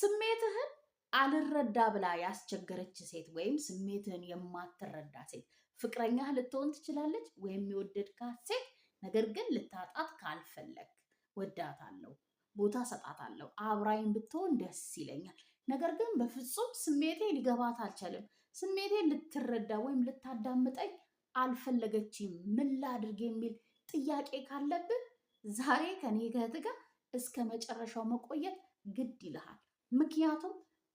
ስሜትህን አልረዳ ብላ ያስቸገረች ሴት ወይም ስሜትህን የማትረዳ ሴት ፍቅረኛህ ልትሆን ትችላለች ወይም የወደድካት ሴት ነገር ግን ልታጣት ካልፈለግ ወዳታለሁ፣ ቦታ ሰጣታለሁ፣ አብራኝ ብትሆን ደስ ይለኛል። ነገር ግን በፍጹም ስሜቴ ሊገባት አልቻለም። ስሜቴ ልትረዳ ወይም ልታዳምጠኝ አልፈለገችም። ምን ላድርግ የሚል ጥያቄ ካለብን ዛሬ ከኔ ከእህት ጋር እስከ መጨረሻው መቆየት ግድ ይልሃል። ምክንያቱም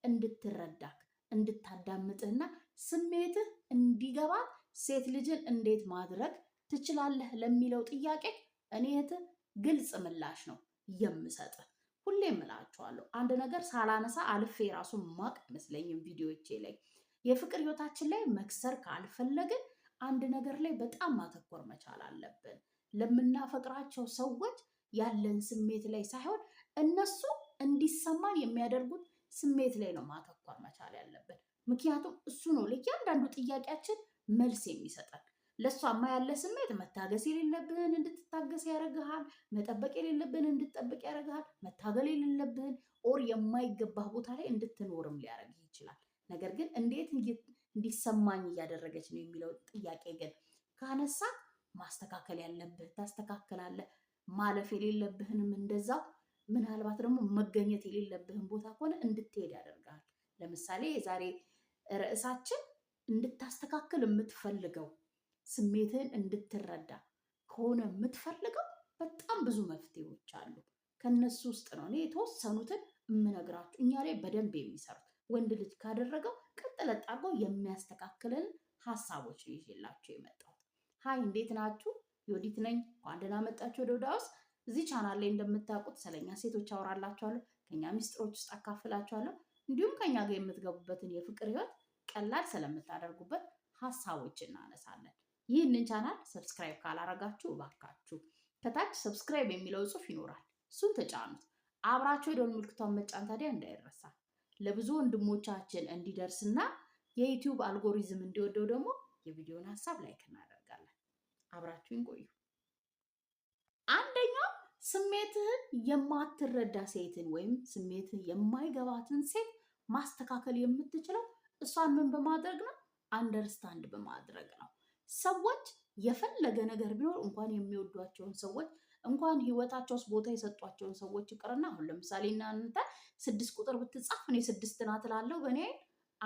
እንድትረዳክ እንድታዳምጥህና ስሜትህ እንዲገባት ሴት ልጅን እንዴት ማድረግ ትችላለህ ለሚለው ጥያቄ እኔ እህትህ ግልጽ ምላሽ ነው የምሰጥህ። ሁሌም እላችኋለሁ አንድ ነገር ሳላነሳ አልፌ ራሱ ማቅ አይመስለኝም ቪዲዮቼ ላይ። የፍቅር ህይወታችን ላይ መክሰር ካልፈለግን አንድ ነገር ላይ በጣም ማተኮር መቻል አለብን። ለምናፈቅራቸው ሰዎች ያለን ስሜት ላይ ሳይሆን እነሱ እንዲሰማን የሚያደርጉት ስሜት ላይ ነው ማተኮር መቻል ያለብን። ምክንያቱም እሱ ነው ለእያንዳንዱ ጥያቄያችን መልስ የሚሰጠን። ለእሷማ ያለ ስሜት መታገስ የሌለብህን እንድትታገስ ያደርግሃል። መጠበቅ የሌለብህን እንድትጠብቅ ያደርግሃል። መታገል የሌለብህን ኦር የማይገባህ ቦታ ላይ እንድትኖርም ሊያደርግ ይችላል። ነገር ግን እንዴት እንዲሰማኝ እያደረገች ነው የሚለው ጥያቄ ግን ካነሳ ማስተካከል ያለብህ ታስተካከላለህ። ማለፍ የሌለብህንም እንደዛው ምናልባት ደግሞ መገኘት የሌለብህን ቦታ ከሆነ እንድትሄድ ያደርጋል። ለምሳሌ የዛሬ ርዕሳችን እንድታስተካክል የምትፈልገው ስሜትህን እንድትረዳ ከሆነ የምትፈልገው በጣም ብዙ መፍትሄዎች አሉ። ከነሱ ውስጥ ነው እኔ የተወሰኑትን የምነግራችሁ። እኛ ላይ በደንብ የሚሰሩት ወንድ ልጅ ካደረገው ቀጥለጥ አድርጎ የሚያስተካክልን ሀሳቦች ነው ይዤላችሁ የመጣሁት። ሀይ፣ እንዴት ናችሁ? ዮዲት ነኝ። እንኳን ደህና መጣችሁ ወደ ዮድ ሃውስ እዚህ ቻናል ላይ እንደምታውቁት ስለኛ ሴቶች አወራላችኋለሁ፣ ከኛ ሚስጥሮች ውስጥ አካፍላችኋለሁ። እንዲሁም ከኛ ጋር የምትገቡበትን የፍቅር ህይወት ቀላል ስለምታደርጉበት ሀሳቦች እናነሳለን። ይህንን ቻናል ሰብስክራይብ ካላረጋችሁ እባካችሁ ከታች ሰብስክራይብ የሚለው ጽሑፍ ይኖራል። እሱን ተጫኑት። አብራችሁ የደወል ምልክቷን መጫን ታዲያ እንዳይረሳ። ለብዙ ወንድሞቻችን እንዲደርስና የዩቲዩብ አልጎሪዝም እንዲወደው ደግሞ የቪዲዮን ሀሳብ ላይክ እናደርጋለን። አብራችሁን ቆዩ። አንደኛው ስሜትህን የማትረዳ ሴትን ወይም ስሜትህ የማይገባትን ሴት ማስተካከል የምትችለው እሷን ምን በማድረግ ነው? አንደርስታንድ በማድረግ ነው። ሰዎች የፈለገ ነገር ቢኖር እንኳን የሚወዷቸውን ሰዎች እንኳን ህይወታቸው ውስጥ ቦታ የሰጧቸውን ሰዎች ይቅርና አሁን ለምሳሌ እናንተ ስድስት ቁጥር ብትጻፍ እኔ ስድስት ናት እላለሁ በእኔ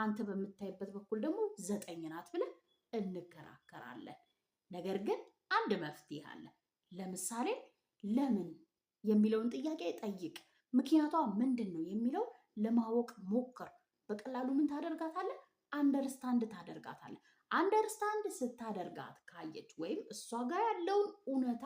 አንተ በምታይበት በኩል ደግሞ ዘጠኝ ናት ብለን እንከራከራለን። ነገር ግን አንድ መፍትሄ አለ። ለምሳሌ ለምን የሚለውን ጥያቄ ጠይቅ። ምክንያቷ ምንድን ነው የሚለው ለማወቅ ሞክር። በቀላሉ ምን ታደርጋታለህ? አንደርስታንድ ታደርጋታለህ። አንደርስታንድ ስታደርጋት ካየች ወይም እሷ ጋር ያለውን እውነታ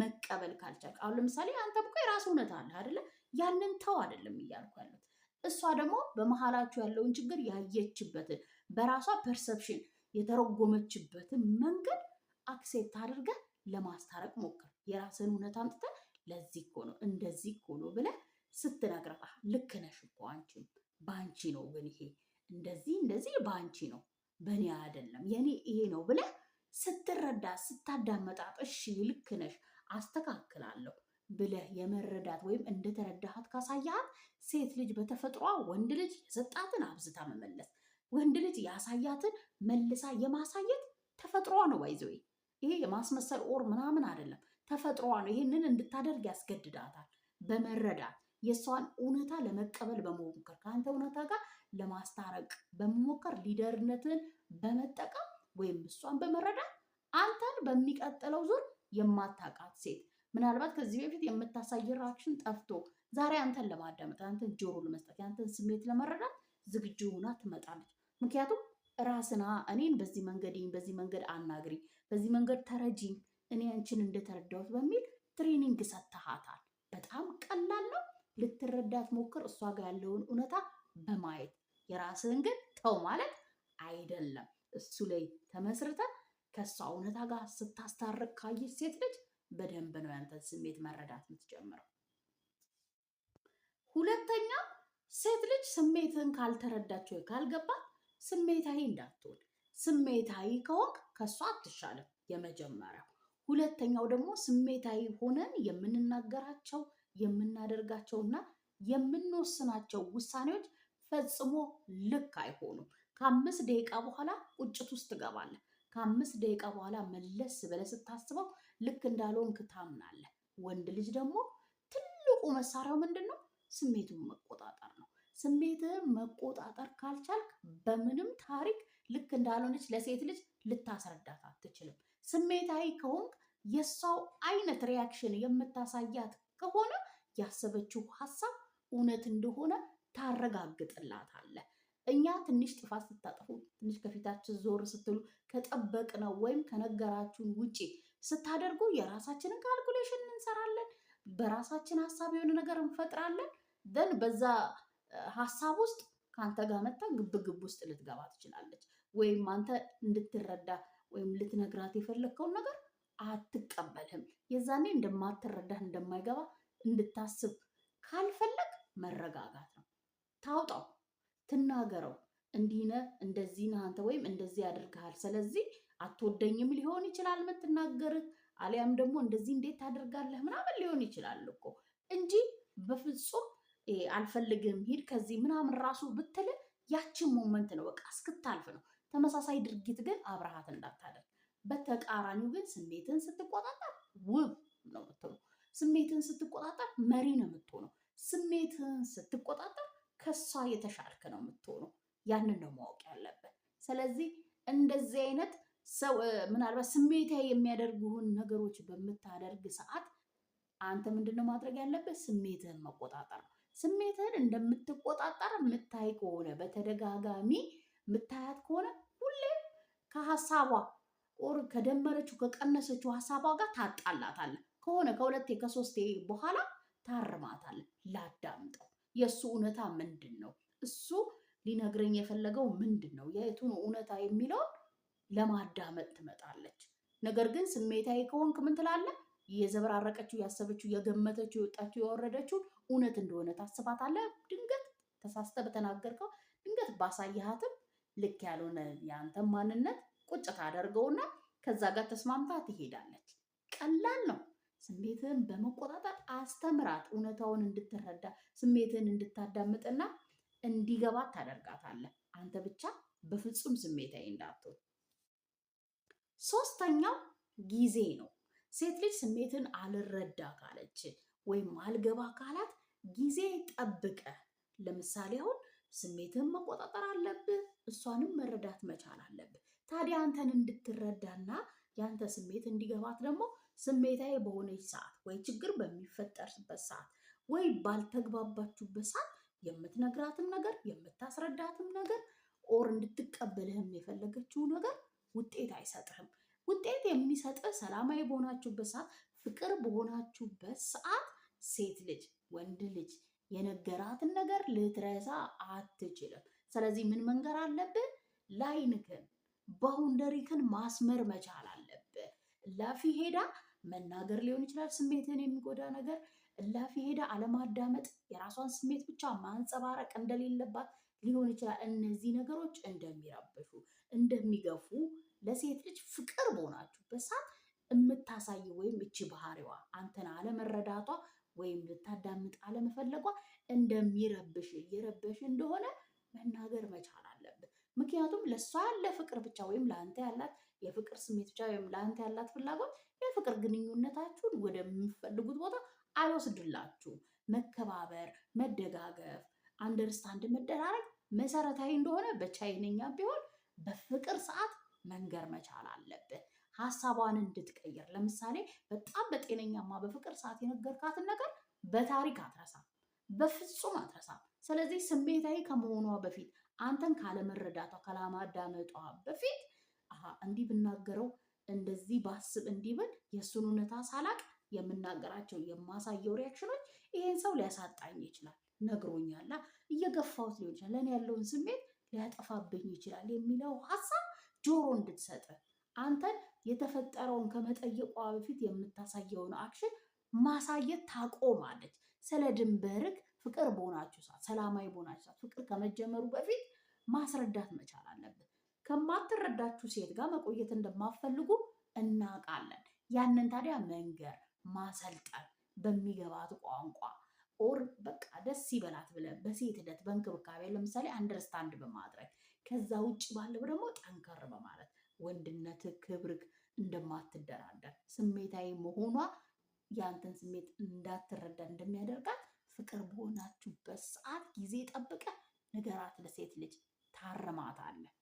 መቀበል ካልቻልክ፣ አሁን ለምሳሌ አንተ እኮ የራሱ እውነታ አለ አይደለ? ያንን ተው አይደለም እያልኩ ያለት እሷ ደግሞ በመሀላችሁ ያለውን ችግር ያየችበትን በራሷ ፐርሰፕሽን የተረጎመችበትን መንገድ አክሴፕት አድርገህ ለማስታረቅ ሞክር። የራስን እውነት አምጥተ ለዚህ እኮ ነው እንደዚህ እኮ ነው ብለ ስትነግራት ልክ ነሽ እኮ አንቺም በአንቺ ነው ግን ይሄ እንደዚህ እንደዚህ በአንቺ ነው በእኔ አይደለም የኔ ይሄ ነው ብለ ስትረዳ ስታዳመጣት፣ እሺ ልክ ነሽ አስተካክላለሁ ብለህ የመረዳት ወይም እንደተረዳሃት ካሳያት ሴት ልጅ በተፈጥሯ ወንድ ልጅ የሰጣትን አብዝታ መመለስ ወንድ ልጅ ያሳያትን መልሳ የማሳየት ተፈጥሯ ነው። ይዘ ይሄ የማስመሰል ኦር ምናምን አይደለም። ተፈጥሮዋ ነው። ይህንን እንድታደርግ ያስገድዳታል። በመረዳት የእሷን እውነታ ለመቀበል በመሞከር ከአንተ እውነታ ጋር ለማስታረቅ በመሞከር ሊደርነትን በመጠቀም ወይም እሷን በመረዳት አንተን በሚቀጥለው ዙር የማታውቃት ሴት ምናልባት ከዚህ በፊት የምታሳይራችን ጠፍቶ ዛሬ አንተን ለማዳመጥ አንተን ጆሮ ለመስጠት የአንተን ስሜት ለመረዳት ዝግጁ ሆና ትመጣለች። ምክንያቱም ራስና እኔን በዚህ መንገድ በዚህ መንገድ አናግሪ፣ በዚህ መንገድ ተረጂኝ፣ እኔ አንቺን እንደተረዳሁት በሚል ትሬኒንግ ሰጥተሃታል። በጣም ቀላል ነው። ልትረዳት ሞክር፣ እሷ ጋር ያለውን እውነታ በማየት የራስህን ግን ተው ማለት አይደለም። እሱ ላይ ተመስርተ ከእሷ እውነታ ጋር ስታስታርቅ ካየች ሴት ልጅ በደንብ ነው ያንተን ስሜት መረዳት የምትጀምረው። ሁለተኛ ሴት ልጅ ስሜትን ወይ ካልገባት ስሜታዊ እንዳትሆን፣ ስሜታዊ ከሆንክ ከእሷ አትሻልም። የመጀመሪያው ሁለተኛው ደግሞ ስሜታዊ ሆነን የምንናገራቸው የምናደርጋቸውና የምንወስናቸው ውሳኔዎች ፈጽሞ ልክ አይሆኑም። ከአምስት ደቂቃ በኋላ ቁጭት ውስጥ ትገባለህ። ከአምስት ደቂቃ በኋላ መለስ ብለህ ስታስበው ልክ እንዳልሆንክ ታምናለህ። ወንድ ልጅ ደግሞ ትልቁ መሳሪያው ምንድን ነው? ስሜቱን መቆጣጠር ነው። ስሜትህን መቆጣጠር ካልቻልክ በምንም ታሪክ ልክ እንዳልሆነች ለሴት ልጅ ልታስረዳት አትችልም። ስሜታዊ ከሆንክ የእሷው አይነት ሪያክሽን የምታሳያት ከሆነ ያሰበችው ሀሳብ እውነት እንደሆነ ታረጋግጥላታለህ። እኛ ትንሽ ጥፋት ስታጠፉ ትንሽ ከፊታችን ዞር ስትሉ ከጠበቅነው ወይም ከነገራችሁን ውጪ ስታደርጉ የራሳችንን ካልኩሌሽን እንሰራለን። በራሳችን ሀሳብ የሆነ ነገር እንፈጥራለን። ደን በዛ ሀሳብ ውስጥ ከአንተ ጋር መታ ግብግብ ውስጥ ልትገባ ትችላለች። ወይም አንተ እንድትረዳ ወይም ልትነግራት የፈለግከውን ነገር አትቀበልህም። የዛኔ እንደማትረዳህ እንደማይገባ እንድታስብ ካልፈለግ መረጋጋት ነው። ታውጣው፣ ትናገረው። እንዲህ ነህ፣ እንደዚህ ነህ አንተ ወይም እንደዚህ ያደርግሃል። ስለዚህ አትወደኝም ሊሆን ይችላል የምትናገርህ፣ አሊያም ደግሞ እንደዚህ እንዴት ታደርጋለህ ምናምን ሊሆን ይችላል እኮ እንጂ በፍጹም አልፈልግም ሂድ ከዚህ ምናምን ራሱ ብትል ያችን ሞመንት ነው በቃ እስክታልፍ ነው። ተመሳሳይ ድርጊት ግን አብረሃት እንዳታደርግ በተቃራኒው ግን ስሜትን ስትቆጣጠር ውብ ነው የምትሆነው። ስሜትን ስትቆጣጠር መሪ ነው የምትሆነው። ስሜትን ስትቆጣጠር ከሷ የተሻልክ ነው የምትሆነው። ያንን ነው ማወቅ ያለብን። ስለዚህ እንደዚህ አይነት ሰው ምናልባት ስሜታዊ የሚያደርጉህን ነገሮች በምታደርግ ሰዓት አንተ ምንድነው ማድረግ ያለብህ? ስሜትህን መቆጣጠር ነው። ስሜትህን እንደምትቆጣጠር የምታይ ከሆነ በተደጋጋሚ የምታያት ከሆነ ሁሌም ከሀሳቧ ኦር ከደመረችው ከቀነሰችው ሀሳቧ ጋር ታጣላታለ። ከሆነ ከሁለቴ ከሶስቴ በኋላ ታርማታለ። ላዳምጠው፣ የእሱ እውነታ ምንድን ነው? እሱ ሊነግረኝ የፈለገው ምንድን ነው? የቱን እውነታ የሚለውን ለማዳመጥ ትመጣለች። ነገር ግን ስሜታዊ ከሆንክ ምን ትላለህ? የዘበራረቀችው፣ ያሰበችው፣ የገመተችው፣ የወጣችው፣ የወረደችውን እውነት እንደሆነ ታስባታለህ። ድንገት ተሳስተ በተናገርከው ድንገት ባሳየሃትም ልክ ያልሆነ የአንተን ማንነት ቁጭ ታደርገውና ከዛ ጋር ተስማምታ ትሄዳለች። ቀላል ነው። ስሜትህን በመቆጣጠር አስተምራት። እውነታውን እንድትረዳ ስሜትህን እንድታዳምጥና እንዲገባ ታደርጋታለህ። አንተ ብቻ በፍጹም ስሜታዊ እንዳትሆን። ሶስተኛው ጊዜ ነው። ሴት ልጅ ስሜትን አልረዳ ካለች ወይም አልገባ ካላት ጊዜ ጠብቀ። ለምሳሌ አሁን ስሜትህን መቆጣጠር አለብህ፣ እሷንም መረዳት መቻል አለብህ። ታዲያ አንተን እንድትረዳና ያንተ ስሜት እንዲገባት ደግሞ ስሜታዊ በሆነች ሰዓት ወይ ችግር በሚፈጠርበት ሰዓት ወይ ባልተግባባችሁበት ሰዓት የምትነግራትም ነገር የምታስረዳትም ነገር ኦር እንድትቀበልህም የፈለገችው ነገር ውጤት አይሰጥህም። ውጤት የሚሰጥህ ሰላማዊ በሆናችሁበት ሰዓት፣ ፍቅር በሆናችሁበት ሰዓት ሴት ልጅ ወንድ ልጅ የነገራትን ነገር ልትረሳ አትችልም። ስለዚህ ምን መንገር አለብህ? ላይንክም ባውንደሪክን ማስመር መቻል አለብህ። እላፊ ሄዳ መናገር ሊሆን ይችላል፣ ስሜትን የሚጎዳ ነገር። እላፊ ሄዳ አለማዳመጥ፣ የራሷን ስሜት ብቻ ማንጸባረቅ እንደሌለባት ሊሆን ይችላል። እነዚህ ነገሮች እንደሚረብሹ እንደሚገፉ ለሴት ልጅ ፍቅር በሆናችሁበት ሰዓት የምታሳየው ወይም እቺ ባህሪዋ አንተን አለመረዳቷ ወይም ልታዳምጥ አለመፈለጓ እንደሚረብሽ እየረበሽ እንደሆነ መናገር መቻላል። ምክንያቱም ለእሷ ያለ ፍቅር ብቻ ወይም ለአንተ ያላት የፍቅር ስሜት ብቻ ወይም ለአንተ ያላት ፍላጎት የፍቅር ግንኙነታችሁን ወደሚፈልጉት ቦታ አይወስድላችሁ። መከባበር፣ መደጋገፍ፣ አንደርስታንድ መደራረግ መሰረታዊ እንደሆነ በቻይነኛ ቢሆን በፍቅር ሰዓት መንገር መቻል አለብን። ሀሳቧን እንድትቀይር ለምሳሌ በጣም በጤነኛማ በፍቅር ሰዓት የነገርካትን ነገር በታሪክ አትረሳም፣ በፍጹም አትረሳም። ስለዚህ ስሜታዊ ከመሆኗ በፊት አንተን ካለመረዳቷ ካለማዳመጧ በፊት አሀ እንዲህ ብናገረው እንደዚህ ባስብ እንዲበል የእሱን እውነታ ሳላቅ የምናገራቸው የማሳየው ሪያክሽኖች ይሄን ሰው ሊያሳጣኝ ይችላል፣ ነግሮኛላ፣ እየገፋሁት ሊሆን ይችላል፣ ለእኔ ያለውን ስሜት ሊያጠፋብኝ ይችላል የሚለው ሀሳብ ጆሮ እንድትሰጥ አንተን የተፈጠረውን ከመጠየቋ በፊት የምታሳየውን አክሽን ማሳየት ታቆማለች። ስለ ድንበርክ ፍቅር በሆናችሁ ሰዓት፣ ሰላማዊ በሆናችሁ ሰዓት፣ ፍቅር ከመጀመሩ በፊት ማስረዳት መቻል አለብን። ከማትረዳችሁ ሴት ጋር መቆየት እንደማፈልጉ እናውቃለን። ያንን ታዲያ መንገር ማሰልጠን በሚገባት ቋንቋ ኦር በቃ ደስ ይበላት ብለን በሴት ደት በእንክብካቤ ለምሳሌ አንደርስታንድ በማድረግ ከዛ ውጭ ባለው ደግሞ ጠንከር በማለት ወንድነት ክብርክ እንደማትደራደር ስሜታዊ መሆኗ ያንተን ስሜት እንዳትረዳ እንደሚያደርጋት ፍቅር በሆናችሁበት ሰዓት ጊዜ ጠብቀ ነገራት ለሴት ልጅ ታርማታለህ።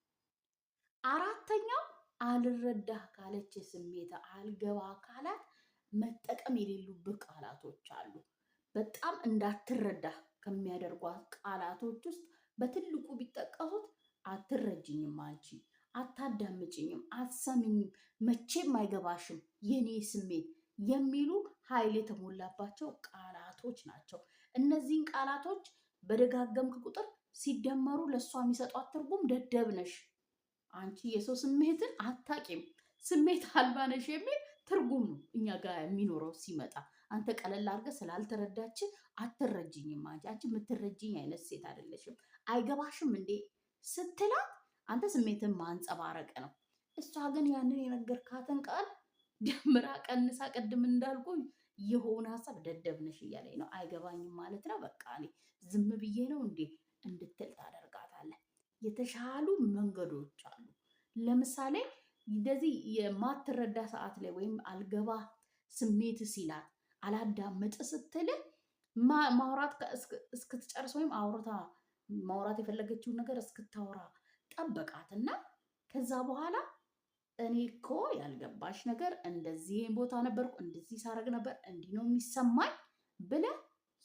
አራተኛው አልረዳህ ካለች ስሜት አልገባ ካላት መጠቀም የሌሉብህ ቃላቶች አሉ። በጣም እንዳትረዳህ ከሚያደርጓት ቃላቶች ውስጥ በትልቁ ቢጠቀሱት አትረጅኝም፣ አንቺ አታዳምጭኝም፣ አትሰምኝም፣ መቼም አይገባሽም፣ የኔ ስሜት የሚሉ ኃይል የተሞላባቸው ቃላቶች ናቸው። እነዚህን ቃላቶች በደጋገምክ ቁጥር ሲደመሩ ለእሷ የሚሰጧት ትርጉም ደደብ ነሽ፣ አንቺ የሰው ስሜትን አታቂም፣ ስሜት አልባ ነሽ የሚል ትርጉም ነው እኛ ጋር የሚኖረው ሲመጣ። አንተ ቀለል አድርገህ ስላልተረዳች አትረጅኝም፣ አንቺ አንቺ የምትረጅኝ አይነት ሴት አይደለሽም፣ አይገባሽም እንዴ ስትላት አንተ ስሜትን ማንጸባረቅ ነው። እሷ ግን ያንን የነገርካትን ቃል ደምራ ቀንሳ፣ ቅድም እንዳልኩኝ የሆነ ሀሳብ ደደብ ነሽ እያለኝ ነው። አይገባኝም ማለት ነው። በቃ እኔ ዝም ብዬ ነው እንዴ እንድትል ታደርጋታለህ። የተሻሉ መንገዶች አሉ። ለምሳሌ እንደዚህ የማትረዳ ሰዓት ላይ ወይም አልገባ ስሜት ሲላት አላዳምጥ ስትል ማውራት እስክትጨርስ ወይም አውርታ ማውራት የፈለገችውን ነገር እስክታወራ ጠበቃትና ከዛ በኋላ እኔ እኮ ያልገባሽ ነገር እንደዚህ ቦታ ነበርኩ፣ እንደዚህ ሳረግ ነበር፣ እንዲህ ነው የሚሰማኝ ብለ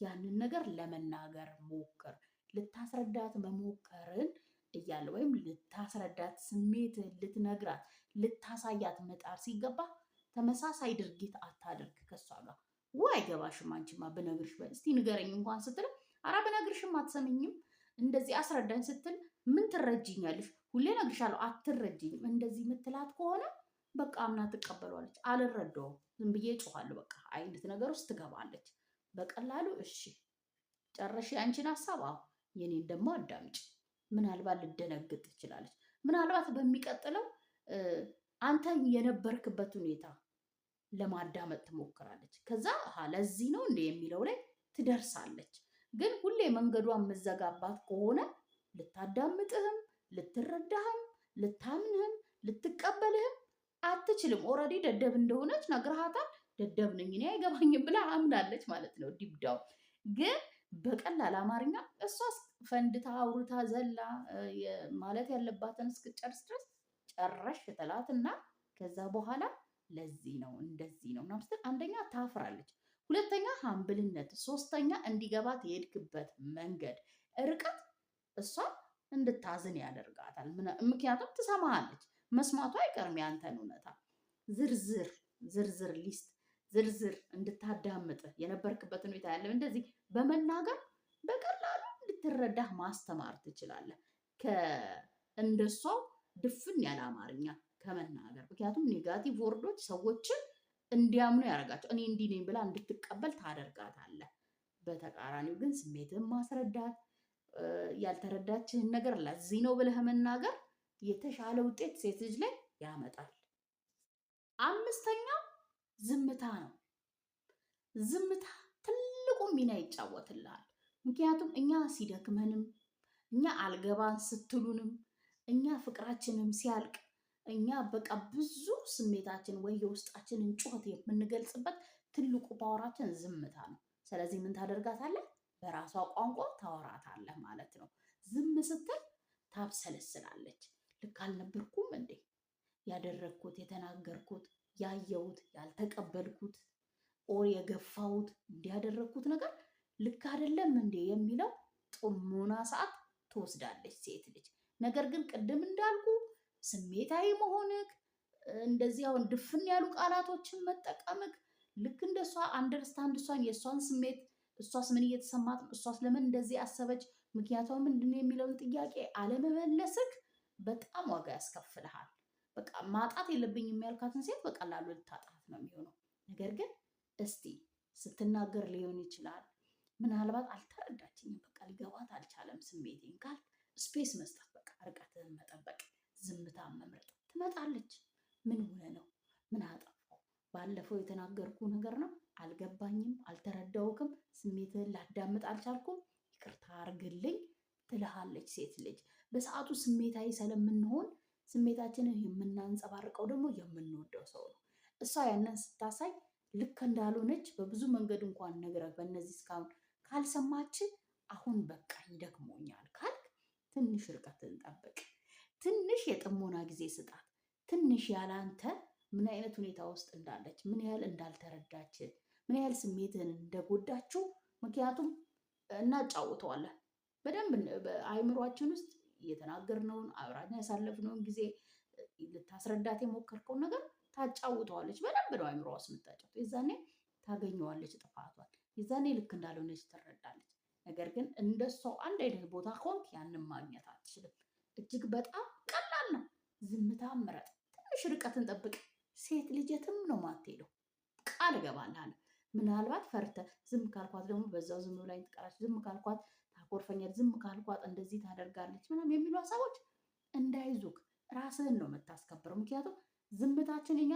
ያንን ነገር ለመናገር ሞክር። ልታስረዳት መሞከርን እያለ ወይም ልታስረዳት ስሜት ልትነግራት ልታሳያት መጣር ሲገባ ተመሳሳይ ድርጊት አታድርግ ከሷ ጋር። ወይ አይገባሽም፣ አንቺማ ብነግርሽ፣ እስቲ ንገረኝ እንኳን ስትል፣ ኧረ ብነግርሽም አትሰምኝም፣ እንደዚህ አስረዳኝ ስትል ምን ትረጅኛለሽ? ሁሌ እነግርሻለሁ አትረጅኝም። እንደዚህ የምትላት ከሆነ በቃ አምና ትቀበሏለች። አልረዳውም፣ ዝም ብዬ በቃ አይነት ነገር ውስጥ ትገባለች በቀላሉ። እሺ ጨረሽ ያንቺን ሀሳብ፣ አሁ የኔን ደግሞ አዳምጭ። ምናልባት ልደነግጥ ትችላለች። ምናልባት በሚቀጥለው አንተ የነበርክበት ሁኔታ ለማዳመጥ ትሞክራለች። ከዛ ለዚህ ነው እንደ የሚለው ላይ ትደርሳለች። ግን ሁሌ መንገዷን መዘጋባት ከሆነ ልታዳምጥህም ልትረዳህም ልታምንህም ልትቀበልህም አትችልም። ኦልሬዲ ደደብ እንደሆነች ነግረሃታል። ደደብ ነኝ እኔ አይገባኝም ብላ አምናለች ማለት ነው። ዲብዳው ግን በቀላል አማርኛ እሷስ ፈንድታ አውርታ ዘላ ማለት ያለባትን እስክጨርስ ድረስ ጨረሽ ትላትና ከዛ በኋላ ለዚህ ነው እንደዚህ ነው ምናምን ስትል አንደኛ ታፍራለች፣ ሁለተኛ ሀምብልነት፣ ሶስተኛ እንዲገባት የሄድክበት መንገድ ርቀት እሷ እንድታዝን ያደርጋታል። ምክንያቱም ትሰማሃለች፣ መስማቱ አይቀርም ያንተን እውነታ ዝርዝር ዝርዝር ሊስት ዝርዝር እንድታዳምጥ የነበርክበት ሁኔታ ያለ እንደዚህ በመናገር በቀላሉ እንድትረዳህ ማስተማር ትችላለህ። እንደሷ ድፍን ያለ አማርኛ ከመናገር ምክንያቱም ኔጋቲቭ ወርዶች ሰዎችን እንዲያምኑ ያደርጋቸው እኔ እንዲህ ነኝ ብላ እንድትቀበል ታደርጋታለህ። በተቃራኒው ግን ስሜትን ማስረዳት ያልተረዳችህን ነገር ለዚህ ነው ብለህ መናገር የተሻለ ውጤት ሴት ልጅ ላይ ያመጣል። አምስተኛው ዝምታ ነው። ዝምታ ትልቁ ሚና ይጫወትልሃል። ምክንያቱም እኛ ሲደክመንም እኛ አልገባን ስትሉንም እኛ ፍቅራችንም ሲያልቅ እኛ በቃ ብዙ ስሜታችን ወይ የውስጣችንን ጩኸት የምንገልጽበት ትልቁ ፓወራችን ዝምታ ነው። ስለዚህ ምን ታደርጋታለህ? በራሷ ቋንቋ ታወራታለህ ማለት ነው። ዝም ስትል ታብሰለስላለች። ልክ አልነበርኩም እንዴ? ያደረግኩት፣ የተናገርኩት፣ ያየሁት፣ ያልተቀበልኩት ኦር የገፋሁት እንዲያደረግኩት ነገር ልክ አይደለም እንዴ የሚለው ጥሞና ሰዓት ትወስዳለች ሴት ልጅ። ነገር ግን ቅድም እንዳልኩ ስሜታዊ መሆንክ እንደዚህ አሁን ድፍን ያሉ ቃላቶችን መጠቀምክ ልክ እንደሷ አንደርስታንድ እሷን የእሷን ስሜት እሷስ ምን እየተሰማት እሷስ ለምን እንደዚህ አሰበች? ምክንያቷ ምንድነው የሚለውን ጥያቄ አለመመለስክ በጣም ዋጋ ያስከፍልሃል። በቃ ማጣት የለብኝም የሚያልካትን ሴት በቀላሉ ልታጣት ነው የሚሆነው። ነገር ግን እስቲ ስትናገር ሊሆን ይችላል ምናልባት አልተረዳችኝም፣ በቃ ሊገባት አልቻለም ስሜቴን ካል ስፔስ መስጠት፣ በቃ ርቀትን መጠበቅ፣ ዝምታ መምረጥ። ትመጣለች። ምን ሆነ ነው ምን አጣ ባለፈው የተናገርኩ ነገር ነው። አልገባኝም፣ አልተረዳውክም፣ ስሜትህን ላዳምጥ አልቻልኩም፣ ይቅርታ አርግልኝ ትልሃለች ሴት ልጅ። በሰዓቱ ስሜታዊ ስለምንሆን ስሜታችንን የምናንጸባርቀው ደግሞ የምንወደው ሰው ነው። እሷ ያንን ስታሳይ ልክ እንዳልሆነች በብዙ መንገድ እንኳን ነግረ በእነዚህ እስካሁን ካልሰማች አሁን በቃ ይደክሞኛል ካልክ ትንሽ ርቀትን እንጠብቅ። ትንሽ የጥሞና ጊዜ ስጣት። ትንሽ ያላንተ ምን አይነት ሁኔታ ውስጥ እንዳለች፣ ምን ያህል እንዳልተረዳች፣ ምን ያህል ስሜትህን እንደጎዳችው ምክንያቱም እናጫውተዋለን በደንብ አይምሯችን ውስጥ እየተናገርነውን አብራን ያሳለፍነውን ጊዜ ልታስረዳት የሞከርከውን ነገር ታጫውተዋለች። በደንብ ነው አይምሮ ውስጥ የምታጫውተው። የዛኔ ታገኘዋለች ጥፋቷን። የዛኔ ልክ እንዳልሆነች ትረዳለች። ነገር ግን እንደሷ አንድ አይነት ቦታ ከሆንክ ያንን ማግኘት አትችልም። እጅግ በጣም ቀላል ነው። ዝምታ ምረጥ። ትንሽ ርቀትን ጠብቅ። ሴት ልጀትም ነው ማትሄደው። ቃል እገባልሃለሁ። ምናልባት ፈርተህ ዝም ካልኳት ደግሞ በዛው ዝም ብላኝ ትቀራለች፣ ዝም ካልኳት ታኮርፈኛለች፣ ዝም ካልኳት እንደዚህ ታደርጋለች ምናምን የሚሉ ሀሳቦች እንዳይዙክ ራስህን ነው የምታስከብረው። ምክንያቱም ዝምታችን የኛ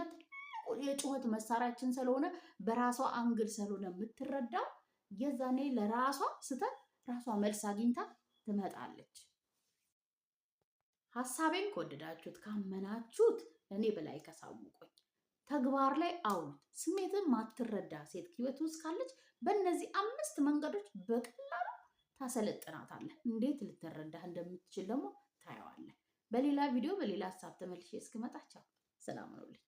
የጩኸት መሳሪያችን ስለሆነ በራሷ አንግል ስለሆነ የምትረዳው የዛኔ ለራሷ ስተት ራሷ መልስ አግኝታ ትመጣለች። ሀሳቤን ከወደዳችሁት ካመናችሁት እኔ በላይ ከሳውቆኝ ተግባር ላይ አውሉት። ስሜትን ማትረዳ ሴት ህይወት ውስጥ ካለች በእነዚህ አምስት መንገዶች በቀላሉ ታሰለጥናታለህ። እንዴት ልትረዳህ እንደምትችል ደግሞ ታየዋለህ። በሌላ ቪዲዮ በሌላ ሀሳብ ተመልሼ እስክመጣቸው ሰላም ሁኑልኝ።